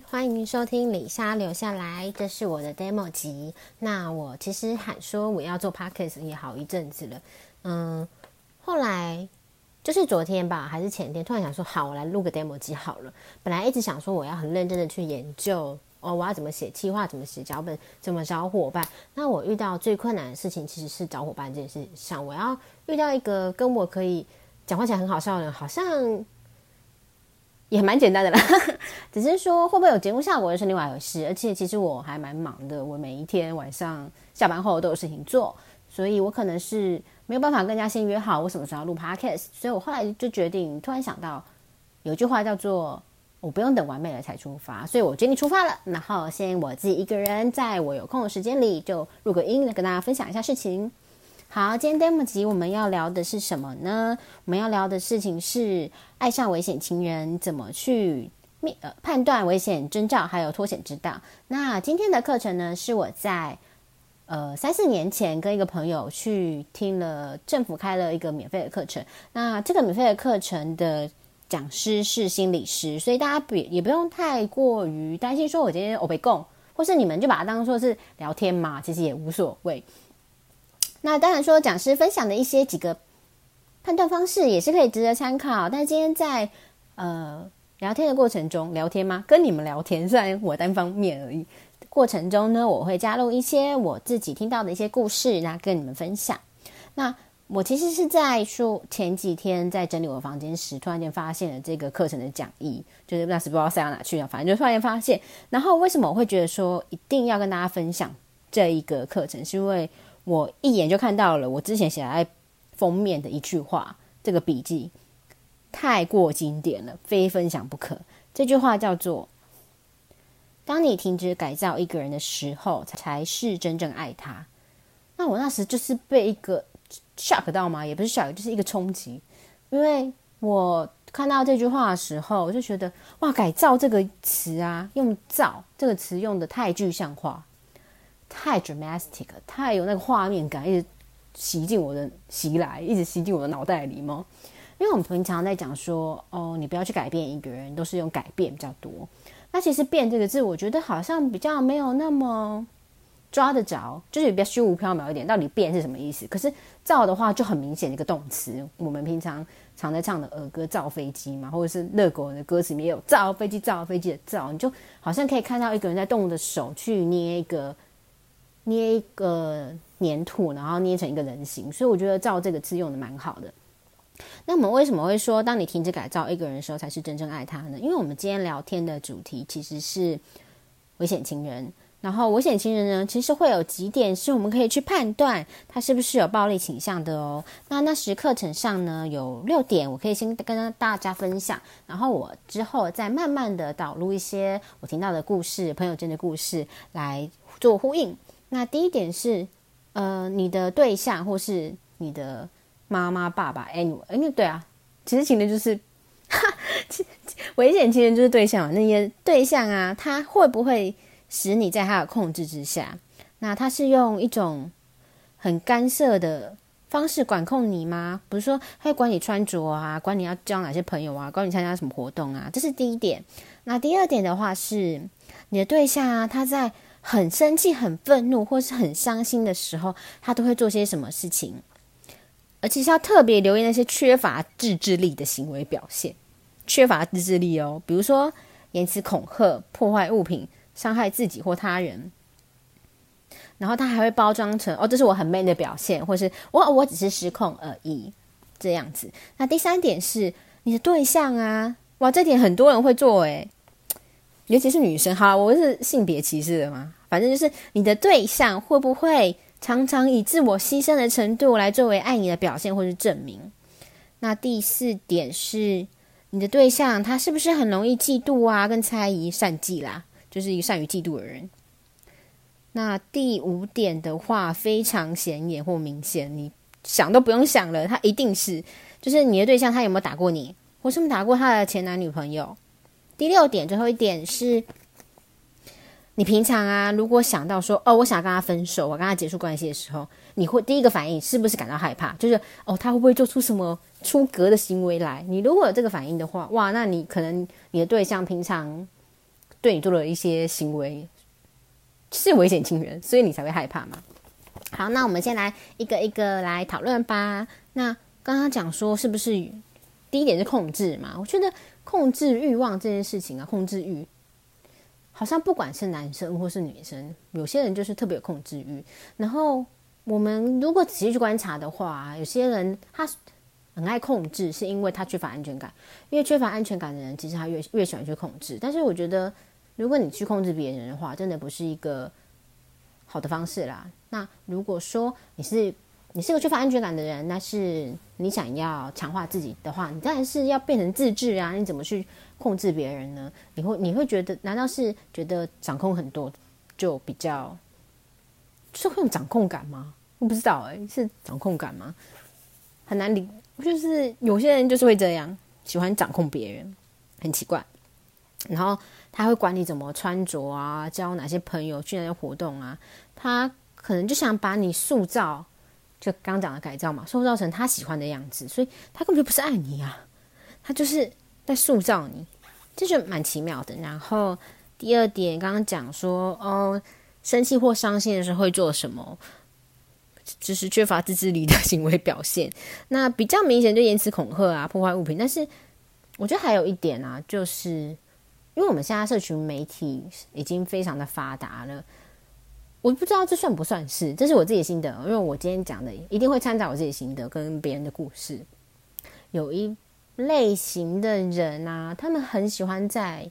歡迎收聽理紗琉下來，這是我的 demo 集。那我其實喊說我要做 podcast 也好一陣子了，嗯，後來就是昨天吧，還是前天，突然想說，好，我來錄個 demo 集好了。本來一直想說我要很認真的去研究，哦，我要怎麼寫企劃，怎麼寫腳本，怎麼找夥伴。那我遇到最困難的事情其實是找夥伴這件事上，我要遇到一個跟我可以講話起來很好笑的人，好像。也蠻簡單的啦，哈哈，只是說會不會有節目效果是另外一回事。而且其實我還蠻忙的，我每一天晚上下班後都有事情做，所以我可能是沒有辦法跟人家先約好我什麼時候要錄 Podcast。所以我後來就決定，突然想到有句話叫做“我不用等完美了才出發”，所以我決定出發了。然後先我自己一個人在我有空的時間裡就錄個音，來跟大家分享一下事情。好，今天 demo 集，我們要聊的是什麼呢？我們要聊的事情是愛上危險情人，怎麼去面、呃、判斷危險徵兆，還有脫險之道。那今天的課程呢，是我在呃三四年前跟一個朋友去聽了政府開了一個免費的課程。那這個免費的課程的講師是心理師，所以大家也不用太過於擔心，說我今天歐北共，或是你們就把它當作是聊天嘛，其實也無所謂。那當然，說講師分享的一些幾個判斷方式也是可以值得參考。但是今天在呃聊天的過程中，聊天嗎？跟你們聊天雖然我單方面而已。過程中呢，我會加入一些我自己聽到的一些故事，然後跟你們分享。那我其實是在說前幾天在整理我房間時，突然間發現了這個課程的講義，就是那時不知道塞到哪去了，反正就突然間發現。然後為什麼我會覺得說一定要跟大家分享這一個課程？是因為我一眼就看到了我之前寫在封面的一句話，這個筆記太過經典了，非分享不可。這句話叫做：“當你停止改造一個人的時候，才是真正愛他。”那我那時就是被一個 shock 到嘛？也不是 shock，就是一個衝擊。因為我看到這句話的時候，我就覺得哇，“改造”這個詞啊，用“造”這個詞用得太具象化。太 dramatic 了，太有那個畫面感，一直襲進我的襲來，一直襲進我的腦袋裡嗎？因為我們平常在講說，哦，你不要去改變一個人，都是用改變比較多。那其實變這個字，我覺得好像比較沒有那麼抓得着，就是比較虛無縹緲一點。到底變是什麼意思？可是造的話，就很明顯的一個動詞。我們平常常在唱的兒歌，造飛機嘛，或者是熱狗人的歌詞裡面也有造飛機造、造飛機的造，你就好像可以看到一個人在動的手去捏一個。捏一個黏土，然後捏成一個人形，所以我覺得“造”這個字用的蠻好的。那我們為什麼會說，當你停止改造一個人的時候，才是真正愛他呢？因為我們今天聊天的主題其實是危險情人。然後危險情人呢，其實會有幾點是我們可以去判斷他是不是有暴力傾向的哦。那那時課程上呢，有六點，我可以先跟大家分享，然後我之後再慢慢的導入一些我聽到的故事、朋友間的故事來做呼應。那第一點是，呃，你的對象或是你的媽媽、爸爸 anyway，anyway，對啊，其實情人就是，哈，哈，其實危險情人就是對象，那些對象啊，他會不會使你在他的控制之下？那他是用一種很干涉的方式管控你嗎？不是說他管你穿着啊，管你要交哪些朋友啊，管你參加什麼活動啊？這是第一點。那第二點的話是，你的對象啊，他在。很生氣、很憤怒，或是很傷心的時候，他都會做些什麼事情？而且是要特別留意那些缺乏自制力的行為表現，缺乏自制力哦，比如說言辭恐嚇、破壞物品、傷害自己或他人。然後他還會包裝成“哦，這是我很 man 的表現”，或是“我我只是失控而已”這樣子。那第三點是你的對象啊，哇，這點很多人會做誒、欸，尤其是女生。好、啊，我是性別歧視的嘛？反正就是你的對象會不會常常以自我犧牲的程度來作為愛你的表現或是證明？那第四點是你的對象他是不是很容易嫉妒啊、跟猜疑、善妒啦，就是一個善於嫉妒的人？那第五點的話非常顯眼或明顯，你想都不用想了，他一定是就是你的對象他有沒有打過你，或是沒打過他的前男女朋友？第六點最後一點是。你平常啊，如果想到說哦，我想跟他分手，我跟他結束關係的時候，你會第一個反應是不是感到害怕？就是哦，他會不會做出什麼出格的行為來？你如果有這個反應的話，哇，那你可能你的對象平常對你做了一些行為是危險情人，所以你才會害怕嘛。好，那我們先來一個一個來討論吧。那剛剛講說是不是第一點是控制嘛？我覺得控制欲望這件事情啊，控制欲。好像不管是男生或是女生，有些人就是特別有控制欲。然後我們如果仔細去觀察的話，有些人他很愛控制，是因為他缺乏安全感。因為缺乏安全感的人，其實他越越喜歡去控制。但是我覺得，如果你去控制別人的話，真的不是一個好的方式啦。那如果說你是你是個缺乏安全感的人，那是你想要強化自己的話，你當然是要變成自制啊。你怎麼去？控制別人呢？你會你會覺得，難道是覺得掌控很多就比較，就是會有掌控感嗎？我不知道哎、欸，是掌控感嗎？很難理，就是有些人就是會這樣，喜歡掌控別人，很奇怪。然後他會管你怎麼穿着啊，交哪些朋友，去哪些活動啊，他可能就想把你塑造，就剛講的改造嘛，塑造成他喜歡的樣子。所以他根本就不是愛你啊，他就是。在塑造你，這就蠻奇妙的。然後第二點，剛剛講說，哦，生氣或傷心的時候會做什麼，就是缺乏自制力的行為表現。那比較明顯就言辭恐嚇啊、破壞物品。但是我覺得還有一點啊，就是因為我們現在社群媒體已經非常的發達了，我不知道這算不算是，這是我自己心得。因為我今天講的一定會參照我自己心得跟別人的故事，有一。類型的人啊，他們很喜歡在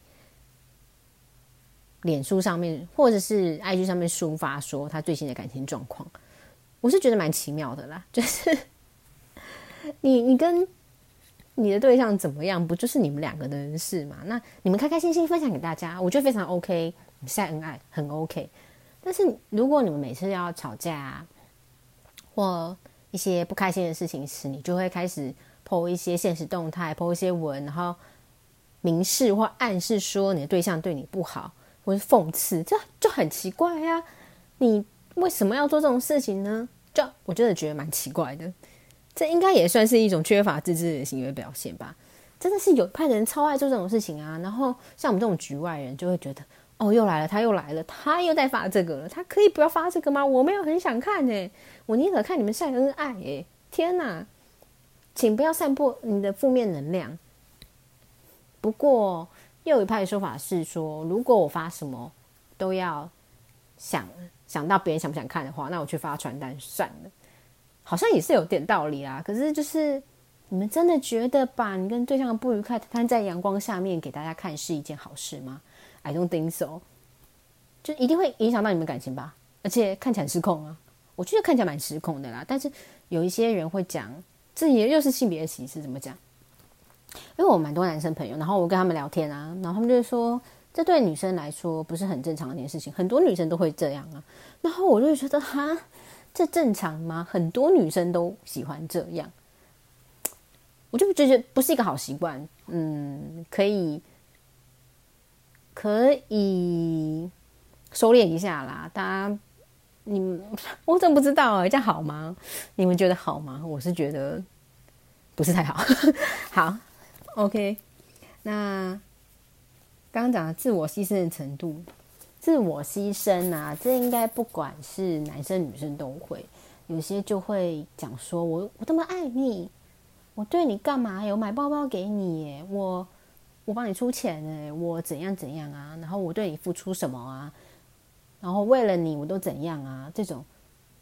臉書上面或者是 IG 上面抒發說他最新的感情狀況。我是覺得蠻奇妙的啦，就是你你跟你的對象怎麼樣，不就是你們兩個的人的事嘛？那你們開開心心分享給大家，我覺得非常 OK，曬恩愛很 OK。但是如果你們每次要吵架啊，或一些不開心的事情時，你就會開始。PO 一些現實動態，PO 一些文，然後明示或暗示說你的對象對你不好，或是諷刺，就就很奇怪啊。你為什麼要做這種事情呢？就我真的覺得蠻奇怪的。這應該也算是一種缺乏自制的行為表現吧？真的是有派的人超愛做這種事情啊。然後像我們這種局外人就會覺得，哦，又來了，他又來了，他又在發這個了。他可以不要發這個嗎？我沒有很想看欸，我寧可看你們曬恩愛欸。天哪！請不要散播你的負面能量。不過，又有一派的說法是說，如果我發什麼都要想想到別人想不想看的話，那我去發傳單算了。好像也是有點道理啊。可是，就是你們真的覺得把你跟對象的不愉快攤在陽光下面給大家看是一件好事嗎？I don't think so。就一定會影響到你們感情吧？而且看起來失控啊！我覺得看起來蠻失控的啦。但是有一些人會講。這也又是性別的歧視，怎麼講？因為我蠻多男生朋友，然後我跟他們聊天啊，然後他們就說，這對女生來說不是很正常的一件事情，很多女生都會這樣啊。然後我就覺得，哈，這正常嗎？很多女生都喜歡這樣，我就覺得不是一個好習慣。嗯，可以，可以收斂一下啦，大家。你們，我怎麼不知道哎？這樣好嗎？你們覺得好嗎？我是覺得不是太好。 好，OK。那剛剛講的自我犧牲的程度，自我犧牲啊，這應該不管是男生女生都會，有些就會講說，我我這麼愛你，我對你幹嘛？有買包包給你耶，我我幫你出錢耶，我怎樣怎樣啊？然後我對你付出什麼啊？然後為了你，我都怎樣啊？這種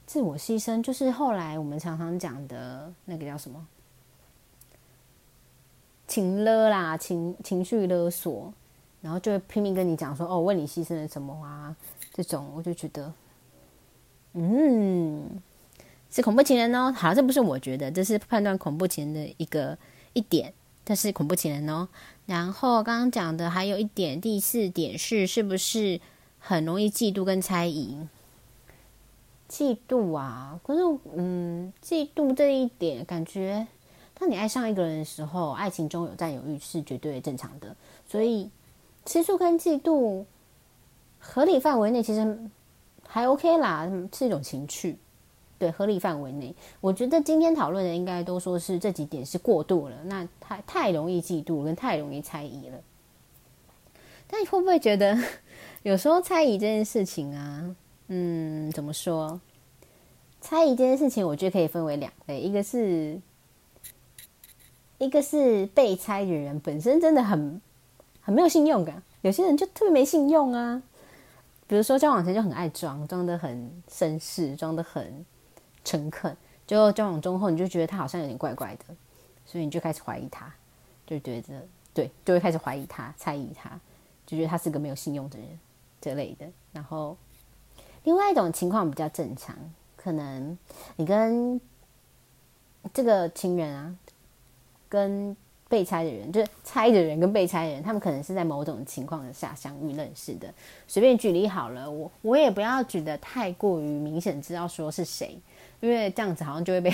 自我犧牲，就是後來我們常常講的那個叫什麼？情勒啦，情情緒勒索，然後就拼命跟你講說，哦，為你犧牲了什麼啊？這種我就覺得，嗯，是恐怖情人哦。好，這不是我覺得，這是判斷恐怖情人的一個一點，但是恐怖情人哦。然後剛剛講的還有一點，第四點是是不是？很容易嫉妒跟猜疑，嫉妒啊！可是，嗯，嫉妒這一點，感覺當你愛上一個人的時候，愛情中有占有欲是絕對正常的。所以，吃醋跟嫉妒，合理範圍內其實還 OK 啦，是一種情趣。對，合理範圍內，我覺得今天討論的應該都說是這幾點是過度了，那太太容易嫉妒跟太容易猜疑了。但你會不會覺得？有時候猜疑這件事情啊，嗯，怎麼說？猜疑這件事情，我覺得可以分為兩類，一個是，一個是被猜的人本身真的很很沒有信用感，有些人就特別沒信用啊。比如說交往前就很愛裝，裝的很紳士，裝的很誠懇，就交往中後你就覺得他好像有點怪怪的，所以你就開始懷疑他，就覺得對，就會開始懷疑他，猜疑他，就覺得他是個沒有信用的人。之類的，然後另外一種情況比較正常，可能你跟這個情人啊，跟被拆的人，就是拆的人跟被拆的人，他們可能是在某種情況下相遇認識的。隨便舉例好了，我我也不要舉得太過於明顯，知道說是誰，因為這樣子好像就會被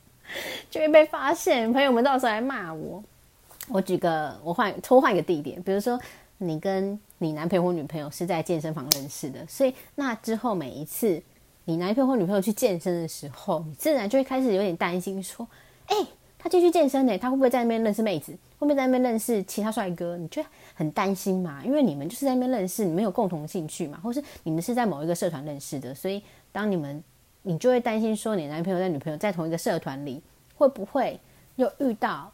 就會被發現，朋友們到時候來罵我。我舉個，我換偷換一個地點，比如說。你跟你男朋友或女朋友是在健身房認識的，所以那之後每一次你男朋友或女朋友去健身的時候，你自然就會開始有點擔心，說：“哎、欸，他繼續健身呢、欸，他會不會在那邊認識妹子？會不會在那邊認識其他帥哥？”你就會很擔心嘛？因為你們就是在那邊認識，你們有共同興趣嘛，或是你們是在某一個社團認識的，所以當你們你就會擔心說，你男朋友和女朋友在同一個社團裡，會不會又遇到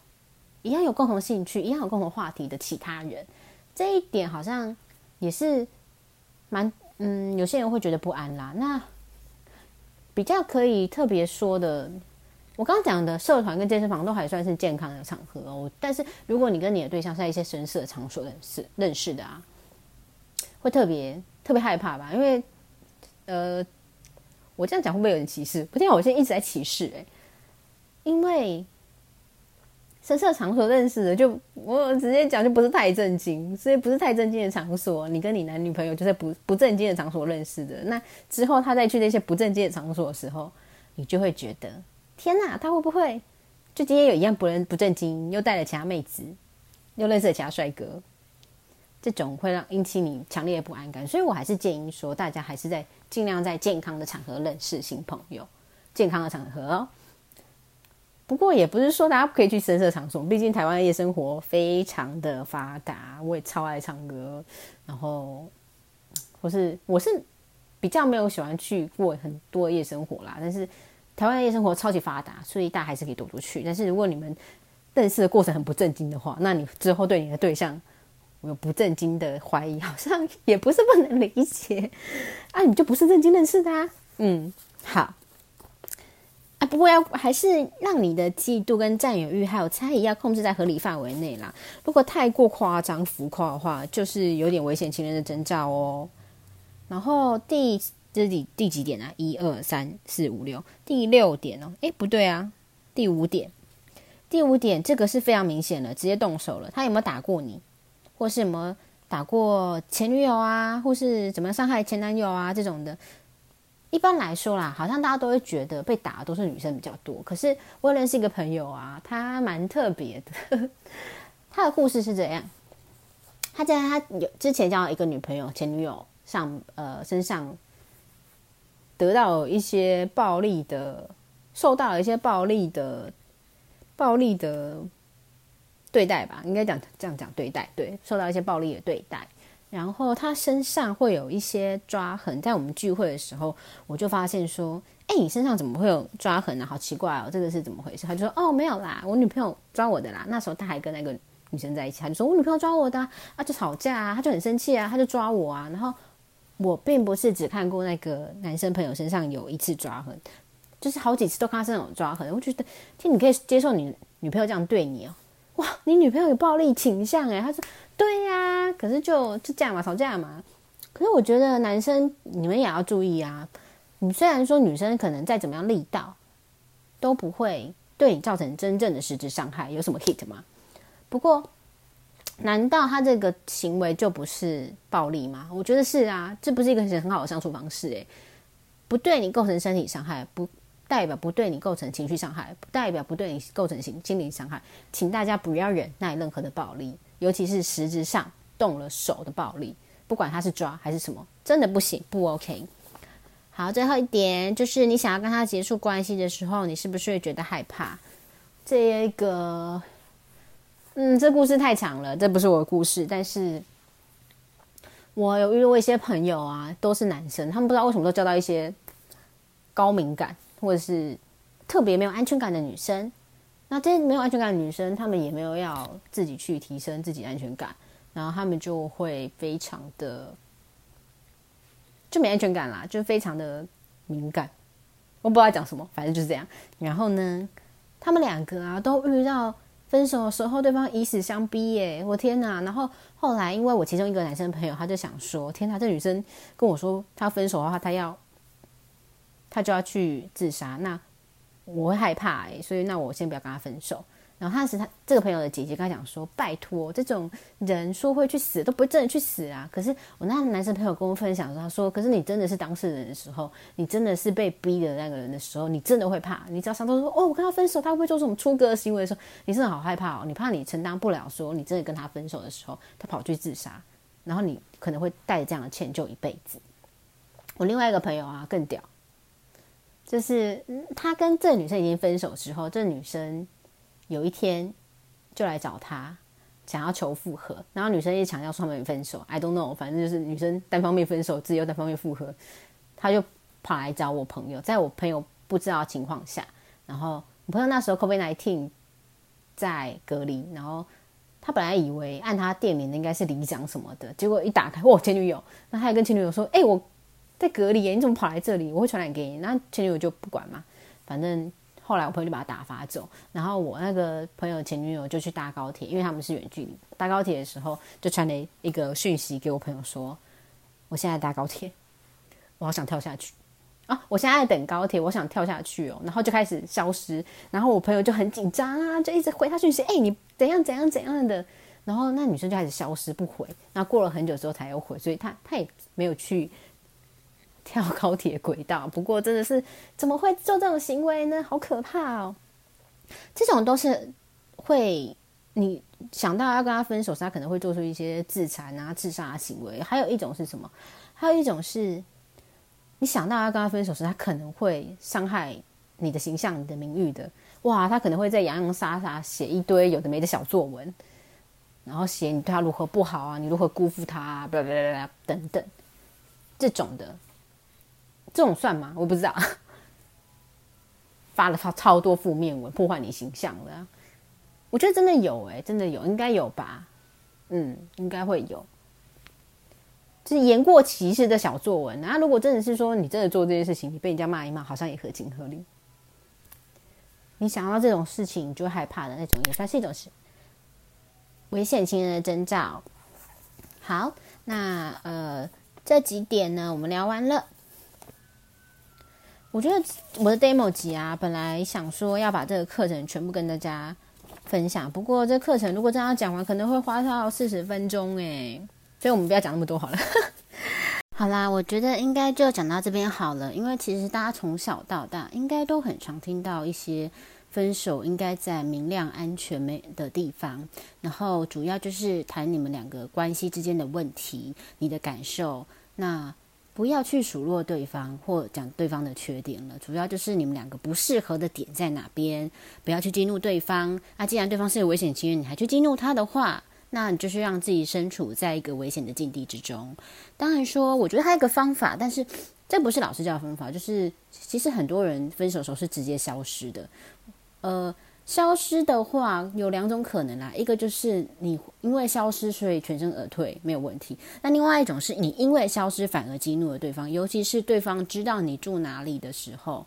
一樣有共同興趣、一樣有共同話題的其他人？這一點好像也是蠻嗯，有些人會覺得不安啦。那比較可以特別說的，我剛剛講的社團跟健身房都還算是健康的場合哦。但是如果你跟你的對象是在一些聲色場所認識認識的啊，會特別特別害怕吧？因為呃，我這樣講會不會有人歧視？不，幸好我現在一直在歧視哎、欸，因為。聲色場所認識的就，就我直接講，就不是太正經，所以不是太正經的場所。你跟你男女朋友就在不不正經的場所認識的，那之後他再去那些不正經的場所的時候，你就會覺得天哪、啊，他會不會就今天有一樣不不正經，又帶了其他妹子，又認識了其他帥哥？這種會讓引起你強烈的不安感。所以，我還是建議說，大家還是在盡量在健康的場合認識新朋友，健康的場合、喔。不過也不是說大家不可以去聲色場所，畢竟台灣的夜生活非常的發達。我也超愛唱歌，然後我是我是比較沒有喜歡去過很多夜生活啦。但是台灣的夜生活超級發達，所以大家還是可以多多去。但是如果你們認識的過程很不正經的話，那你之後對你的對象有不正經的懷疑，好像也不是不能理解啊，你就不是正經認識的啊。嗯，好。不過要還是讓你的嫉妒跟占有欲還有猜疑要控制在合理範圍內啦。如果太過誇張浮誇的話，就是有點危險情人的徵兆哦。然後第這是第，第幾點啊？一二三四五六，第六點哦。哎，不對啊，第五點。第五點這個是非常明顯的，直接動手了。他有沒有打過你，或是有沒有打過前女友啊，或是怎麼傷害前男友啊這種的？一般來說啦，好像大家都會覺得被打的都是女生比較多。可是我認識一個朋友啊，他蠻特別的呵呵。他的故事是怎樣？他在他有之前交到一個女朋友，前女友上呃身上，得到有一些暴力的，受到了一些暴力的暴力的對待吧，應該講這樣講對待，對，受到一些暴力的對待。然後他身上會有一些抓痕，在我們聚會的時候，我就發現說：“哎，你身上怎麼會有抓痕呢？啊？好奇怪哦，這個是怎麼回事？”他就說：“哦，沒有啦，我女朋友抓我的啦。那時候他還跟那個女生在一起，他就說我女朋友抓我的啊，啊，就吵架啊，他就很生氣啊，他就抓我啊。然後我並不是只看過那個男生朋友身上有一次抓痕，就是好幾次都看他身上有抓痕。我覺得，其實你可以接受你女朋友這樣對你哦。”哇，你女朋友有暴力傾向欸？他說，對呀，可是就就這樣嘛，吵架嘛。可是我覺得男生你們也要注意啊。你雖然說女生可能再怎麼樣力道，都不會對你造成真正的實質傷害，有什麼 hit 嗎？不過，難道他這個行為就不是暴力嗎？我覺得是啊，這不是一個很好的相處方式欸。不對你構成身體傷害，不。代表不對你構成情緒傷害，不代表不對你構成心心靈傷害。請大家不要忍耐任何的暴力，尤其是實質上動了手的暴力，不管他是抓還是什麼，真的不行，不 OK。好，最後一點就是，你想要跟他結束關係的時候，你是不是會覺得害怕？這個，嗯，這故事太長了，這不是我的故事，但是，我有遇到一些朋友啊，都是男生，他們不知道為什麼都交到一些高敏感。或者是特別沒有安全感的女生，那這些沒有安全感的女生，她們也沒有要自己去提升自己安全感，然後她們就會非常的就沒安全感啦，就非常的敏感。我不知道講什麼，反正就是這樣。然後呢，他們兩個啊都遇到分手的時候，對方以死相逼耶、欸！我天哪！然後後來，因為我其中一個男生朋友，他就想說，天哪，這女生跟我說她分手的話，她要。他就要去自殺，那我會害怕哎、欸，所以那我先不要跟他分手。然後他是他這個朋友的姐姐，跟他講說：“拜託，這種人說會去死都不會真的去死啊。”可是我那男生朋友跟我分享說：“他說，可是你真的是當事人的時候，你真的是被逼的那個人的時候，你真的會怕。你知道上頭說哦，我跟他分手，他會不會做什麼出格的行為的時候？說你真的好害怕哦，你怕你承擔不了說，說你真的跟他分手的時候，他跑去自殺，然後你可能會帶着這樣的歉疚一輩子。”我另外一個朋友啊，更屌。就是、嗯、他跟這個女生已經分手之後，這女生有一天就來找他，想要求復合。然後女生也強調說他們分手，I don't know，反正就是女生單方面分手，自己又單方面復合。他就跑來找我朋友，在我朋友不知道的情況下，然後我朋友那時候 COVID-19 在隔離，然後他本來以為按他電鈴的應該是里長什麼的，結果一打開，哇，前女友。那他也跟前女友說，哎、欸，我。在隔離耶、欸，你怎麼跑來這裡？我會傳染給你。那前女友就不管嘛，反正後來我朋友就把他打發走。然後我那個朋友前女友就去搭高鐵，因為他們是遠距離。搭高鐵的時候，就傳了一個訊息給我朋友說：“我現在在搭高鐵，我好想跳下去啊！我現在在等高鐵，我想跳下去哦。”然後就開始消失。然後我朋友就很緊張啊，就一直回他訊息：“哎、欸，你怎樣怎樣怎樣的？”然後那女生就開始消失不回。那過了很久之後才又回，所以他他也沒有去。跳高鐵軌道，不過真的是怎麼會做這種行為呢？好可怕哦！這種都是會你想到要跟他分手時，他可能會做出一些自殘啊、自殺的行為。還有一種是什麼？還有一種是你想到要跟他分手時，他可能會傷害你的形象、你的名譽的。哇，他可能會在洋洋灑灑寫一堆有的沒的小作文，然後寫你對他如何不好啊，你如何辜負他啊，等等，這種的。這種算嗎？我不知道。 發了超超多負面文，破壞你形象的，我覺得真的有哎、欸，真的有，應該有吧？嗯，應該會有。就是言過其實的小作文。那如果真的是說你真的做這件事情，你被人家罵一罵，好像也合情合理。你想到這種事情，你就害怕的那種，也算是一種事危險情人的徵兆。好，那呃，這幾點呢，我們聊完了。我覺得我的 demo 集啊，本來想說要把這個課程全部跟大家分享，不過這課程如果這樣講完，可能會花到四十分鐘欸，所以我們不要講那麼多好了。 好啦，我覺得應該就講到這邊好了，因為其實大家從小到大應該都很常聽到一些分手應該在明亮安全沒的地方，然後主要就是談你們兩個關係之間的問題，你的感受那。不要去數落對方或講對方的缺點了，主要就是你們兩個不適合的點在哪邊。不要去激怒對方，那、啊、既然對方是有危險情人，你還去激怒他的話，那你就是讓自己身處在一個危險的境地之中。當然說，我覺得還有一個方法，但是這不是老師教的方法，就是其實很多人分手的時候是直接消失的，呃。消失的話有兩種可能啦，一個就是你因為消失所以全身而退沒有問題，那另外一種是你因為消失反而激怒了對方，尤其是對方知道你住哪裡的時候，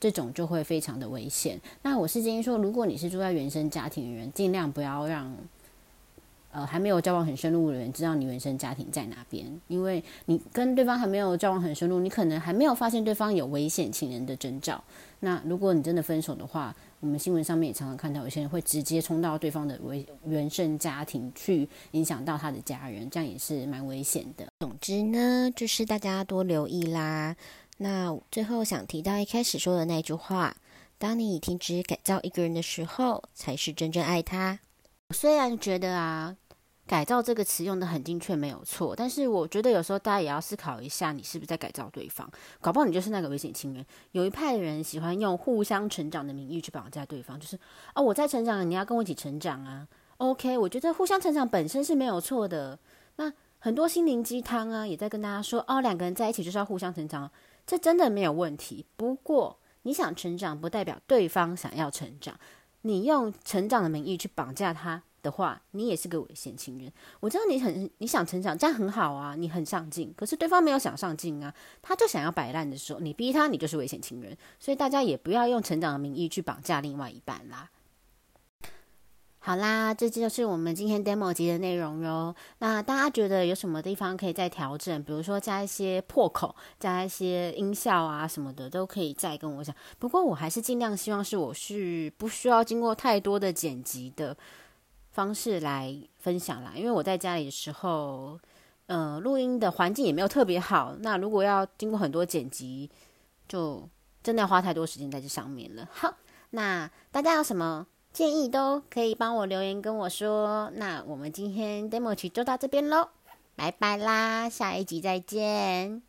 這種就會非常的危險。那我是建議說，如果你是住在原生家庭裡面，盡量不要讓。呃，還沒有交往很深入的人，知道你原生家庭在哪邊，因為你跟對方還沒有交往很深入，你可能還沒有發現對方有危險情人的徵兆。那如果你真的分手的話，我們新聞上面也常常看到有些人會直接衝到對方的原原生家庭去，影響到他的家人，這樣也是蠻危險的。總之呢，就是大家多留意啦。那最後想提到一開始說的那句話，當你停止改造一個人的時候，才是真正愛他。我雖然覺得啊，改造這個詞用得很精確，沒有錯，但是我覺得有時候大家也要思考一下，你是不是在改造對方？搞不好你就是那個危險情人。有一派的人喜歡用互相成長的名義去綁架對方，就是哦，我在成長了，你要跟我一起成長啊。OK，我覺得互相成長本身是沒有錯的。那很多心靈雞湯啊，也在跟大家說，哦，兩個人在一起就是要互相成長，這真的沒有問題。不過你想成長，不代表對方想要成長。你用成長的名義去綁架他的話，你也是個危險情人。我知道你很，你想成長，這樣很好啊，你很上進。可是對方沒有想上進啊，他就想要擺爛的時候，你逼他，你就是危險情人。所以大家也不要用成長的名義去綁架另外一半啦。好啦，這就是我們今天 demo 集的內容喲。那大家覺得有什麼地方可以再調整？比如說加一些破口，加一些音效啊什麼的，都可以再跟我講。不過我還是盡量希望是我是不需要經過太多的剪輯的方式來分享啦，因為我在家裡的時候，呃，錄音的環境也沒有特別好。那如果要經過很多剪輯，就真的要花太多時間在這上面了。好，那大家有什麼？建議都可以幫我留言跟我說，那我們今天 demo 集就到這邊嘍，拜拜啦，下一集再見。